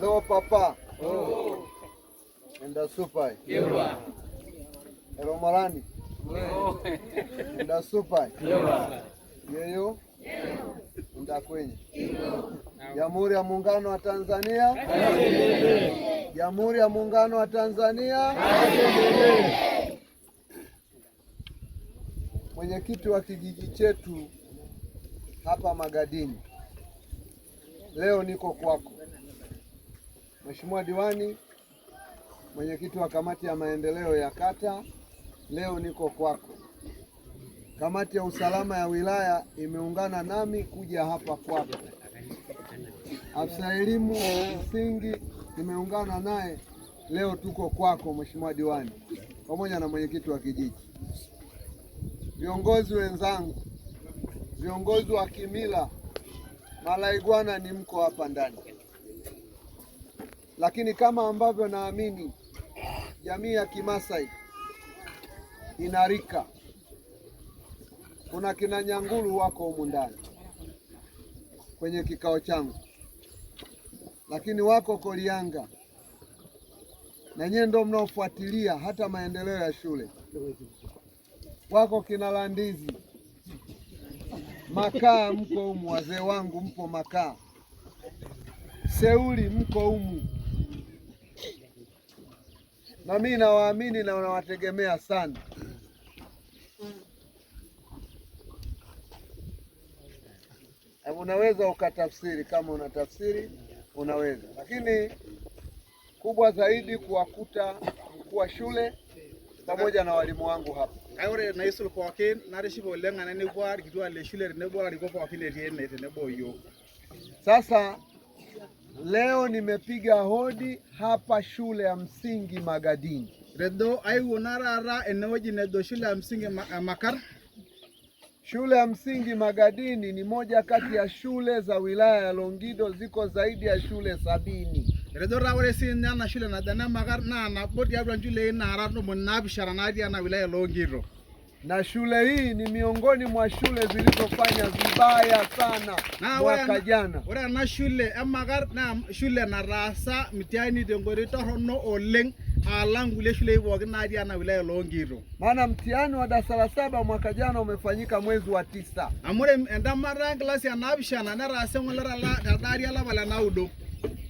No, papa. Oh. Enda supai. Kiwa. Ero marani. Oh. Enda supai. Kiwa. Yeyo. Enda kwenye. Jamhuri ya Muungano wa Tanzania. Jamhuri ya Muungano wa Tanzania. Mwenyekiti wa kijiji chetu hapa Magadini, leo niko kwako. Mheshimiwa Diwani, mwenyekiti wa kamati ya maendeleo ya kata, leo niko kwako. Kamati ya usalama ya wilaya imeungana nami kuja hapa kwako. Afisa elimu msingi nimeungana naye leo, tuko kwako Mheshimiwa Diwani, pamoja na mwenyekiti wa kijiji, viongozi wenzangu, viongozi wa kimila, malaigwana ni mko hapa ndani lakini kama ambavyo naamini jamii ya Kimasai ina rika, kuna kina Nyangulu wako humu ndani kwenye kikao changu, lakini wako Kolianga na nyie ndio mnaofuatilia hata maendeleo ya shule. Wako kina Landizi Makaa, mko humu wazee wangu, mpo Makaa. Seuli, mko humu na mimi nawaamini na nawategemea sana. Eh, unaweza ukatafsiri kama unatafsiri, unaweza lakini kubwa zaidi kuwakuta mkuu wa shule pamoja na walimu wangu hapa. na naisul pookin natishipe oleng' kwa irkituak le shule tenebo larikok pookin tenebo oyiok sasa Leo nimepiga hodi hapa shule ya msingi Magadini. Redo ai wonarara eneo shule ya msingi eh, Makar. Shule ya msingi Magadini ni moja kati ya shule za wilaya ya Longido, ziko zaidi ya shule sabini. Redo rawore sinana shule dana Makar na na bodi ya shule ina rando munabi sharana wilaya ya Longido na shule hii ni miongoni mwa shule zilizofanya vibaya sana mwaka jana ore ena shule emakar na shule eh, nataasa mtihani tenkoitoi torrono oleng alang kulie shulei pookin natii ena wilaya Loonkiito. Maana mtihani wa darasa la saba mwaka jana umefanyika mwezi wa tisa Amure ore entamata enkilasi e naapishana netaasa eng'olata telde ari olapa naudo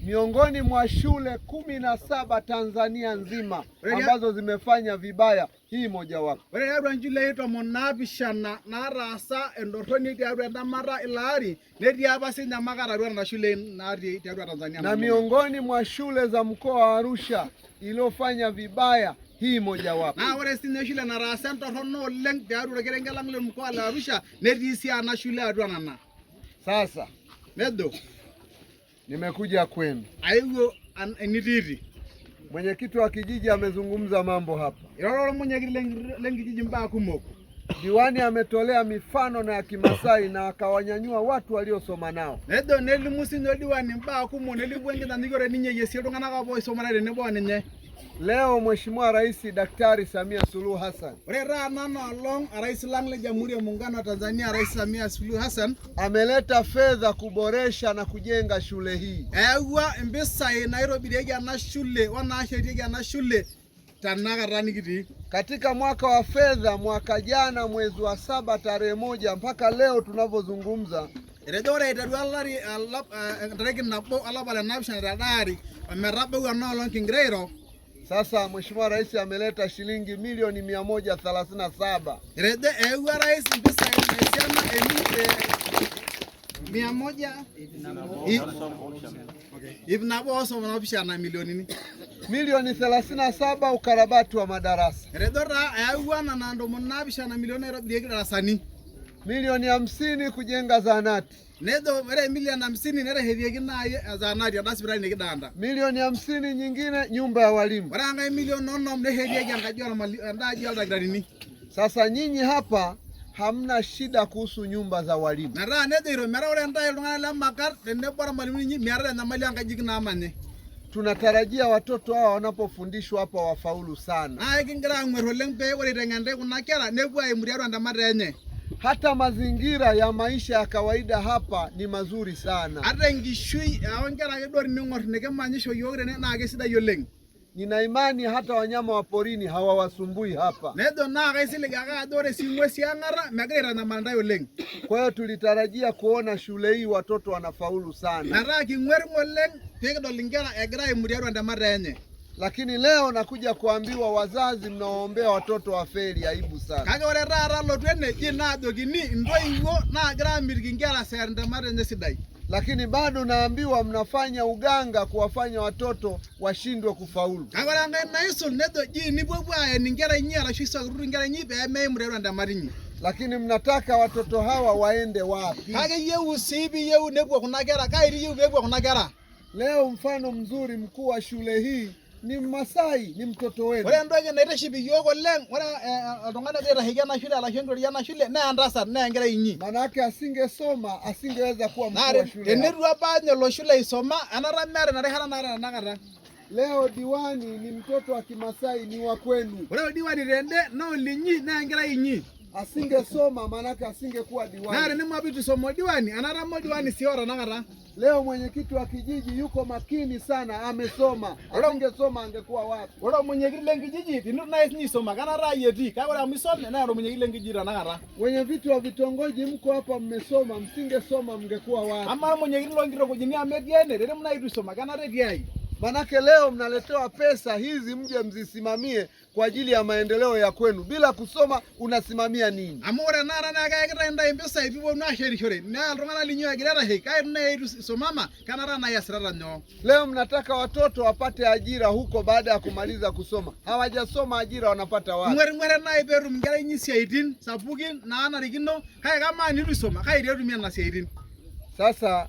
miongoni mwa shule kumi na saba Tanzania nzima ambazo zimefanya vibaya, hii mojawapo. ore tiatua inchilei tomon naapishana nataasa entorroni tiatua entamata ilo ari netii apa sinye makatatua nena shulei natii tiatua Tanzania na miongoni mwa shule za mkoa wa Arusha iliyofanya vibaya hii mojawapo. naa ore sinye shule nataasa entorrono oleng tiatua orkerenget lang le mkoa le Arusha netii si ana shule atua nana sasa medo Nimekuja kwenu. Aigo niriri Mwenyekiti wa kijiji amezungumza mambo hapa. Ilolo mwenyekiti lengijiji mbaya kumoko. Diwani ametolea mifano na ya Kimasai na akawanyanyua watu waliosoma nao. Nedo nelimusino diwani mbaya kumo nelibwengeza nigore ninye yesi iltung'anak apa oisomana tenebo ninye. Leo Mheshimiwa Rais Daktari Samia Suluhu Hassan, rera taa nana rais lang le Jamhuri ya Muungano wa Tanzania Rais Samia Suluhu Hassan ameleta fedha kuboresha na kujenga shule hii. Eyawua Nairobi naitobirieki ena shule onaashetieki ena shule tanakata Katika mwaka wa fedha mwaka jana mwezi wa saba tarehe moja mpaka leo tunavyozungumza etejo ore aiteru olari entariki eh, nabo olapa le napishana teda ari ometabau kingira airo sasa Mheshimiwa Rais ameleta shilingi milioni mia moja thelathini na saba eh, eh, eh, mia moja na milioni milioni thelathini na saba ukarabati wa madarasa milioni hamsini kujenga zahanati nezo vere milioni hamsini nerehevieki naai zahanati ena sipitali nikidanda milioni hamsini nyingine nyumba ya walimu ore enkae milioni onom nehevieki enkaji endaaji oldakitarini sasa nyinyi hapa hamna shida kuhusu nyumba za walimu nezo nejoito metaa ule ntae iltung'anak la makar tende tenebo ormalimuni inyi meeta enyamali na amane tunatarajia watoto hawa wanapofundishwa hapa wafaulu sana naa ekingira ang'wer oleng pee ore iteng'enitae kuna kera nepuo aimu tiatua ntemat enye hata mazingira ya maisha ya kawaida hapa ni mazuri sana. hata enkishui oonkera eh, ake duo nikimanyisho yiok tene naa kesidai oleng nina imani hata wanyama wa porini hawawasumbui hapa nedo na kaisilig ake ajo ore sii ng'wesi ang'ata megira aitanyamal ntae kwa hiyo tulitarajia kuona shule hii watoto wanafaulu sana metaa king'werim oleng piikidol inkera egira aimu tiatua ntemata lakini leo nakuja kuambiwa wazazi mnaoombea watoto feli, aibu sana. kake ore taata lotu eneji naajokini intoiwuo naagira aamitiki inkera easita enye sidai lakini bado naambiwa mnafanya uganga kuwafanya watoto washindwe kufaulu. kake ore enkae naisul nejoji nipuopuo aen inkera inyi arashu isakiruru inkera inyi peemeimure intemat inyi lakini mnataka watoto hawa waende wapi? kake yeu sii piyeu nepuo kuna kera kairi yeu peepuo kuna kera. Leo mfano mzuri mkuu wa shule hii ni masai ni mtoto wenu. Ore naita naitiship yoko oleng, ore eh, oltung'ani ogira aitasheki ena shule arashu entoria ena shule naa entasat naa enkerai inyi. Manake asingesoma asingeweza kuwa mkuu wa shule. Tenetu apa ninye lo shule aisoma enata meeta na rehana naata tenakata. Leo diwani ni mtoto wa Kimasai ni wa kwenu. Ore diwani rende na olinyi na enkerai inyi asingesoma maanake asingekuwa diwani. nare somo diwani anaramo diwani siora nara leo mwenyekiti wa kijiji yuko makini sana amesoma asingesoma angekuwa wapi olo mwenyekiti lenkijiji tinu naesinyiisoma kanarayeti kakore amisome naro mwenyekiti nara. tanakata wenyeviti wa vitongoji mko hapa mmesoma msingesoma mngekuwa wapi ama mwenyekiti lonkitokojini ametiene rere mnaitu isoma kanaretiai Manake leo mnaletewa pesa hizi mje mzisimamie kwa ajili ya maendeleo ya kwenu. Bila kusoma unasimamia nini? amore nara amu ore enara naa keyakita intai impisai piiwonu ashetishore naa iltung'anak linyi egira aitasheki kai naa eitu kana rana ya sirara nyo. Leo mnataka watoto wapate ajira huko baada ya kumaliza kusoma, hawajasoma ajira wanapata wapi? mwere na peetum inkera inyi siaitin sapukin naanarikino kai kamaa nitu isoma kai teetumie nena siaitin sasa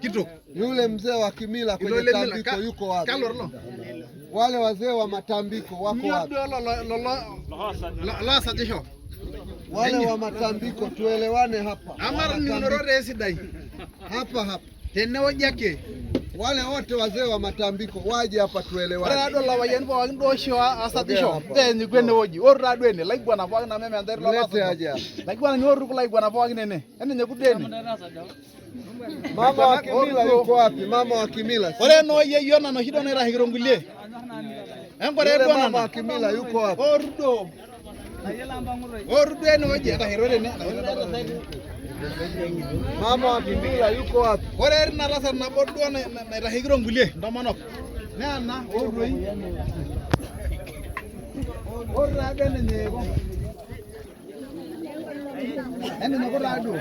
Kitu. Eh, yule mzee wa kimila kwenye tambiko yuko wapi? Wale wazee wa matambiko wako wapi? Wale wa matambiko tuelewane hapa. Hapa hapa. Tena wajake. Wale wote wazee wa matambiko waje hapa tuelewane. Ore adol ilapayiani pookin duo oshi asatisho teenikwene woji ore oh, taa duo ene laiguanak pookin amu ementai lolete aja laiguanak nyorru laiguanak pookin ene nyeku deni. mama wa kimila yuko wapi? Mama wa kimila ore no yeyio nana oshi duo naitashekito nkulie enkore duo nana mama wa kimila yuko wapi? orudo orudo enewoji etashekito tene Mama Bibila yuko wapi? Ore erinatasat nabo duo naitashekito nkulie ntomonok neena ootoi oota yaani ade nenyeeko enenyeko taaduo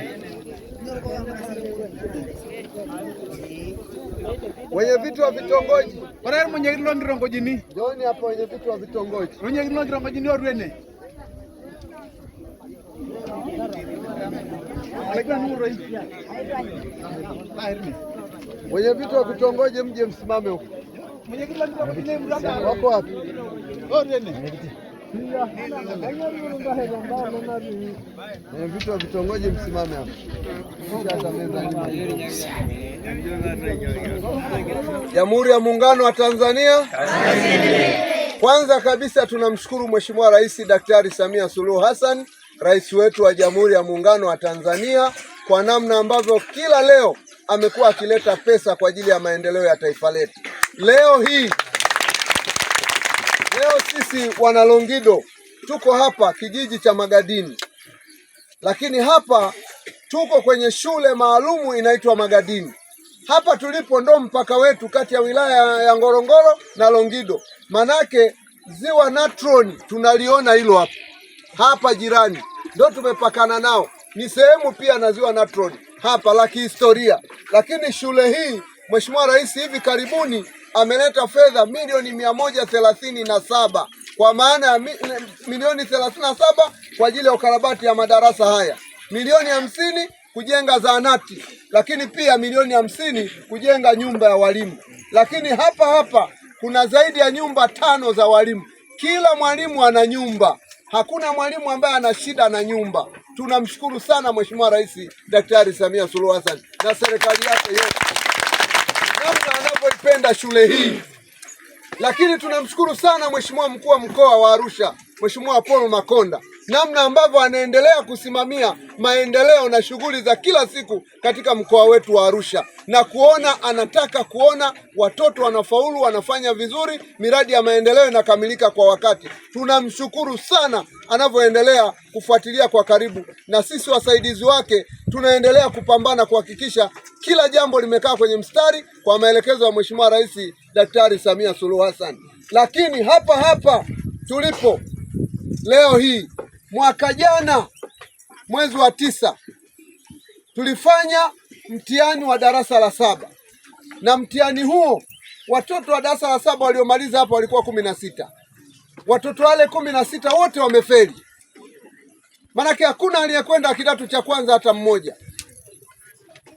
wenyeviti wa vitongoji ore irmunyekiti loo nkitongojini joni hapo wenyeviti wa vitongoji irmunyekiti loo nkitongojini ootu ene vitu wa kitongoji mje msimame huko. Wako wapi? vitu wa kitongoji msimame hapo. Jamhuri ya Muungano wa Tanzania. Kwanza kabisa tunamshukuru Mheshimiwa Rais Daktari Samia Suluhu Hassan rais wetu wa Jamhuri ya Muungano wa Tanzania kwa namna ambavyo kila leo amekuwa akileta pesa kwa ajili ya maendeleo ya taifa letu. Leo hii leo sisi wana Longido tuko hapa kijiji cha Magadini, lakini hapa tuko kwenye shule maalumu inaitwa Magadini. Hapa tulipo ndo mpaka wetu kati ya wilaya ya Ngorongoro na Longido, manake ziwa Natroni tunaliona hilo hapa hapa jirani, ndio tumepakana nao, ni sehemu pia na ziwa Natron hapa la kihistoria. Lakini shule hii Mheshimiwa Rais hivi karibuni ameleta fedha milioni mia moja thelathini na saba kwa maana ya milioni thelathini na saba kwa ajili ya ukarabati ya madarasa haya, milioni hamsini kujenga zahanati, lakini pia milioni hamsini kujenga nyumba ya walimu. Lakini hapa hapa kuna zaidi ya nyumba tano za walimu, kila mwalimu ana nyumba Hakuna mwalimu ambaye ana shida na nyumba. Tunamshukuru sana Mheshimiwa Rais Daktari Samia Suluhu Hassan na serikali yake yote namna anavyoipenda shule hii, lakini tunamshukuru sana Mheshimiwa mkuu wa mkoa wa Arusha Mheshimiwa Paul Makonda namna ambavyo anaendelea kusimamia maendeleo na shughuli za kila siku katika mkoa wetu wa Arusha na kuona anataka kuona watoto wanafaulu, wanafanya vizuri, miradi ya maendeleo inakamilika kwa wakati. Tunamshukuru sana anavyoendelea kufuatilia kwa karibu, na sisi wasaidizi wake tunaendelea kupambana kuhakikisha kila jambo limekaa kwenye mstari kwa maelekezo ya Mheshimiwa Rais Daktari Samia Suluhu Hassan. Lakini hapa hapa tulipo leo hii mwaka jana mwezi wa tisa tulifanya mtihani wa darasa la saba, na mtihani huo watoto wa darasa la saba waliomaliza hapo walikuwa kumi na sita. Watoto wale kumi na sita wote wamefeli, maanake hakuna aliyekwenda kidato cha kwanza hata mmoja,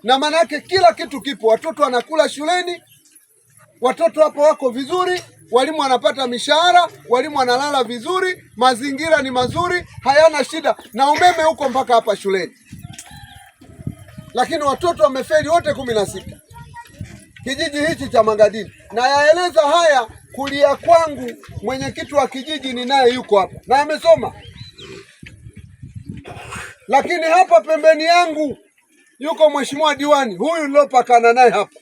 na maanake kila kitu kipo, watoto wanakula shuleni, watoto hapo wako vizuri walimu wanapata mishahara, walimu wanalala vizuri, mazingira ni mazuri, hayana shida, na umeme huko mpaka hapa shuleni. Lakini watoto wamefeli wote kumi na sita kijiji hichi cha Magadini. Na yaeleza haya kulia kwangu, mwenyekiti wa kijiji ni naye yuko hapa na amesoma, lakini hapa pembeni yangu yuko mheshimiwa diwani huyu nilopakana naye hapa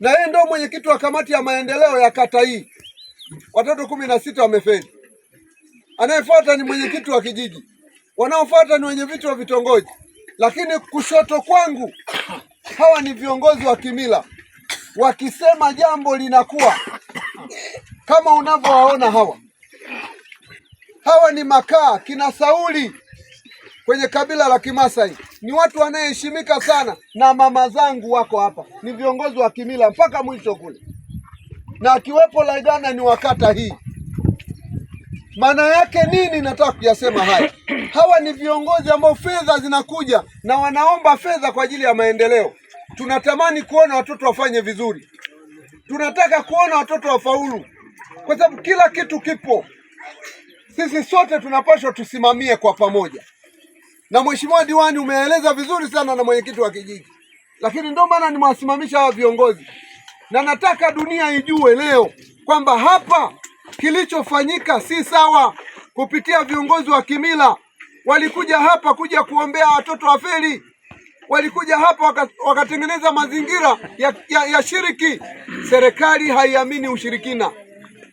na yeye ndio mwenyekiti wa kamati ya maendeleo ya kata hii. Watoto kumi na sita wamefeli. Anayefuata ni mwenyekiti wa kijiji, wanaofuata ni wenye viti wa vitongoji, lakini kushoto kwangu hawa ni viongozi wa kimila, wakisema jambo linakuwa kama unavyowaona hawa. Hawa ni makaa kina Sauli kwenye kabila la Kimasai ni watu wanayeheshimika sana, na mama zangu wako hapa, ni viongozi wa kimila mpaka mwisho kule, na akiwepo Laigana ni wakata hii. Maana yake nini? Nataka kuyasema haya. Hawa ni viongozi ambao fedha zinakuja na wanaomba fedha kwa ajili ya maendeleo. Tunatamani kuona watoto wafanye vizuri, tunataka kuona watoto wafaulu, kwa sababu kila kitu kipo. Sisi sote tunapaswa tusimamie kwa pamoja na mheshimiwa diwani umeeleza vizuri sana na mwenyekiti wa kijiji, lakini ndio maana nimewasimamisha hawa viongozi, na nataka dunia ijue leo kwamba hapa kilichofanyika si sawa. Kupitia viongozi wa kimila walikuja hapa kuja kuombea watoto feri, walikuja hapa wakatengeneza mazingira ya, ya, ya shiriki. Serikali haiamini ushirikina,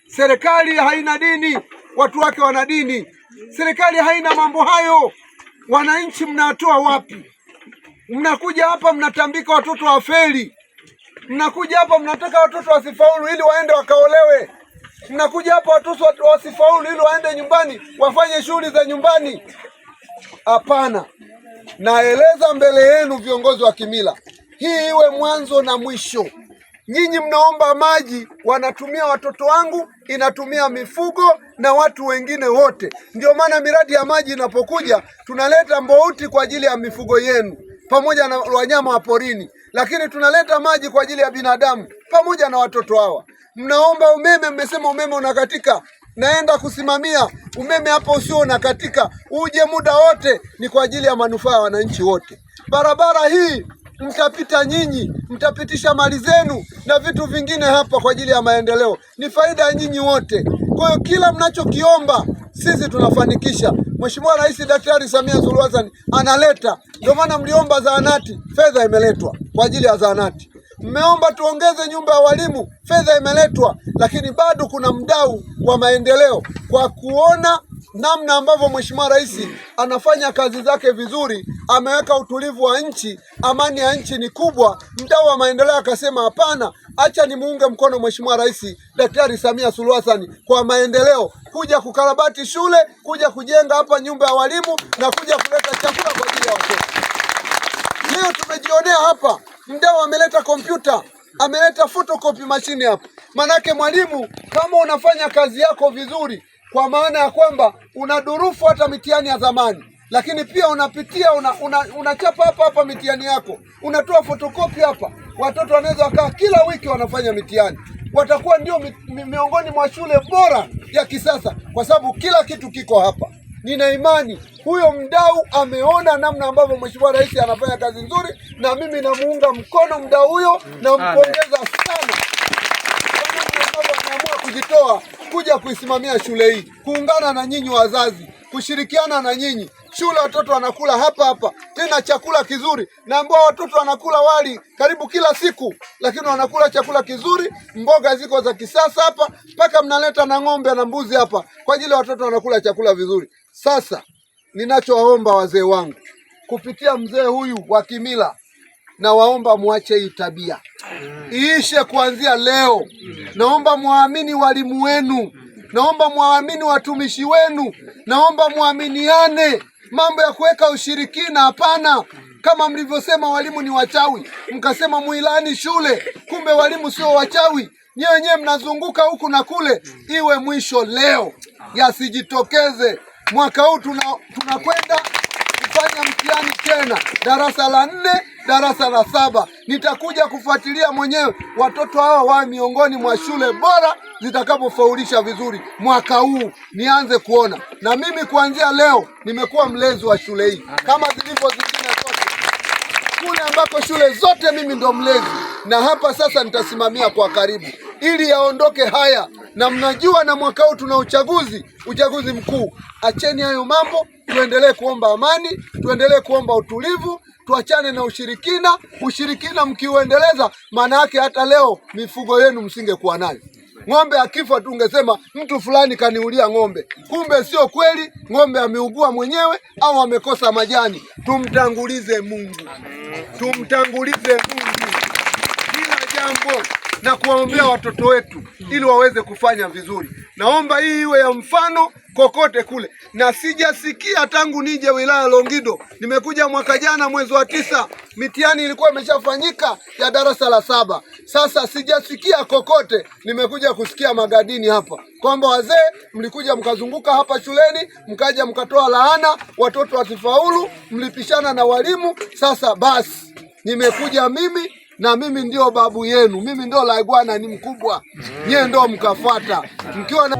serikali haina dini, watu wake wana dini, serikali haina mambo hayo. Wananchi mnatoa wapi? Mnakuja hapa mnatambika watoto feli, mnakuja hapa mnataka watoto wasifaulu ili waende wakaolewe, mnakuja hapa watoto wasifaulu ili waende nyumbani wafanye shughuli za nyumbani. Hapana, naeleza mbele yenu viongozi wa kimila, hii iwe mwanzo na mwisho. Nyinyi mnaomba maji, wanatumia watoto wangu inatumia mifugo na watu wengine wote. Ndio maana miradi ya maji inapokuja, tunaleta Mbouti kwa ajili ya mifugo yenu pamoja na wanyama wa porini, lakini tunaleta maji kwa ajili ya binadamu pamoja na watoto hawa. Mnaomba umeme, mmesema umeme unakatika naenda kusimamia umeme hapo usio unakatika, uje muda wote, ni kwa ajili ya manufaa ya wananchi wote. Barabara hii mtapita nyinyi, mtapitisha mali zenu na vitu vingine hapa kwa ajili ya maendeleo, ni faida ya nyinyi wote. Kwa hiyo kila mnachokiomba sisi tunafanikisha. Mheshimiwa Rais Daktari Samia Suluhu Hassan analeta, ndio maana mliomba zahanati, fedha imeletwa kwa ajili ya zahanati. Mmeomba tuongeze nyumba ya walimu, fedha imeletwa. Lakini bado kuna mdau wa maendeleo kwa kuona namna ambavyo Mheshimiwa Rais anafanya kazi zake vizuri, ameweka utulivu wa nchi, amani ya nchi ni kubwa. Mdau wa maendeleo akasema hapana, acha nimuunge mkono Mheshimiwa Rais Daktari Samia Suluhu Hassan kwa maendeleo, kuja kukarabati shule, kuja kujenga hapa nyumba ya walimu na kuja kuleta chakula kwa ajili ya watoto. Leo tumejionea hapa, mdau ameleta kompyuta ameleta photocopy mashine hapa. Manake mwalimu, kama unafanya kazi yako vizuri kwa maana ya kwamba unadurufu hata mitihani ya zamani, lakini pia unapitia unachapa una, una hapa hapa mitihani yako, unatoa fotokopi hapa. Watoto wanaweza wakaa kila wiki wanafanya mitihani, watakuwa ndio miongoni mwa shule bora ya kisasa, kwa sababu kila kitu kiko hapa. Nina imani huyo mdau ameona namna ambavyo Mheshimiwa Rais anafanya kazi nzuri, na mimi namuunga mkono mdau huyo, nampongeza sana kwa namna ambavyo ameamua kujitoa kuja kuisimamia shule hii, kuungana na nyinyi wazazi, kushirikiana na nyinyi. Shule watoto wanakula hapa hapa, tena chakula kizuri. Naambia watoto wanakula wali karibu kila siku, lakini wanakula chakula kizuri, mboga ziko za kisasa hapa, mpaka mnaleta na ng'ombe na mbuzi hapa kwa ajili ya watoto wanakula chakula vizuri. Sasa ninachowaomba wazee wangu kupitia mzee huyu wa kimila Nawaomba mwache hii tabia iishe kuanzia leo. Naomba mwaamini walimu wenu, naomba mwaamini watumishi wenu, naomba mwaminiane. Mambo ya kuweka ushirikina, hapana. Kama mlivyosema walimu ni wachawi, mkasema muilani shule, kumbe walimu sio wachawi. Nyewe wenyewe mnazunguka huku na kule. Iwe mwisho leo, yasijitokeze. Mwaka huu tunakwenda tuna kufanya mtihani tena darasa la nne, darasa la saba. Nitakuja kufuatilia mwenyewe watoto hawa wa miongoni mwa shule bora zitakapofaulisha vizuri mwaka huu, nianze kuona na mimi. Kuanzia leo nimekuwa mlezi wa shule hii kama zilivyo zingine zote kule ambako shule zote mimi ndo mlezi, na hapa sasa nitasimamia kwa karibu ili yaondoke haya, na mnajua, na mwaka huu tuna uchaguzi, uchaguzi mkuu. Acheni hayo mambo, tuendelee kuomba amani, tuendelee kuomba utulivu, tuachane na ushirikina. Ushirikina mkiuendeleza, maana yake hata leo mifugo yenu msingekuwa nayo. Ng'ombe akifa tungesema mtu fulani kaniulia ng'ombe, kumbe sio kweli. Ng'ombe ameugua mwenyewe au amekosa majani. Tumtangulize Mungu, tumtangulize Mungu kila jambo na kuwaombea watoto wetu ili waweze kufanya vizuri. Naomba hii iwe ya mfano kokote kule, na sijasikia tangu nije wilaya Longido. Nimekuja mwaka jana mwezi wa tisa, mitihani ilikuwa imeshafanyika ya darasa la saba. Sasa sijasikia kokote, nimekuja kusikia Magadini hapa kwamba wazee mlikuja mkazunguka hapa shuleni, mkaja mkatoa laana, watoto wasifaulu, mlipishana na walimu. Sasa basi nimekuja mimi na mimi ndio babu yenu, mimi ndio laigwana, ni mkubwa, nyie ndio mkafuata mkiwa na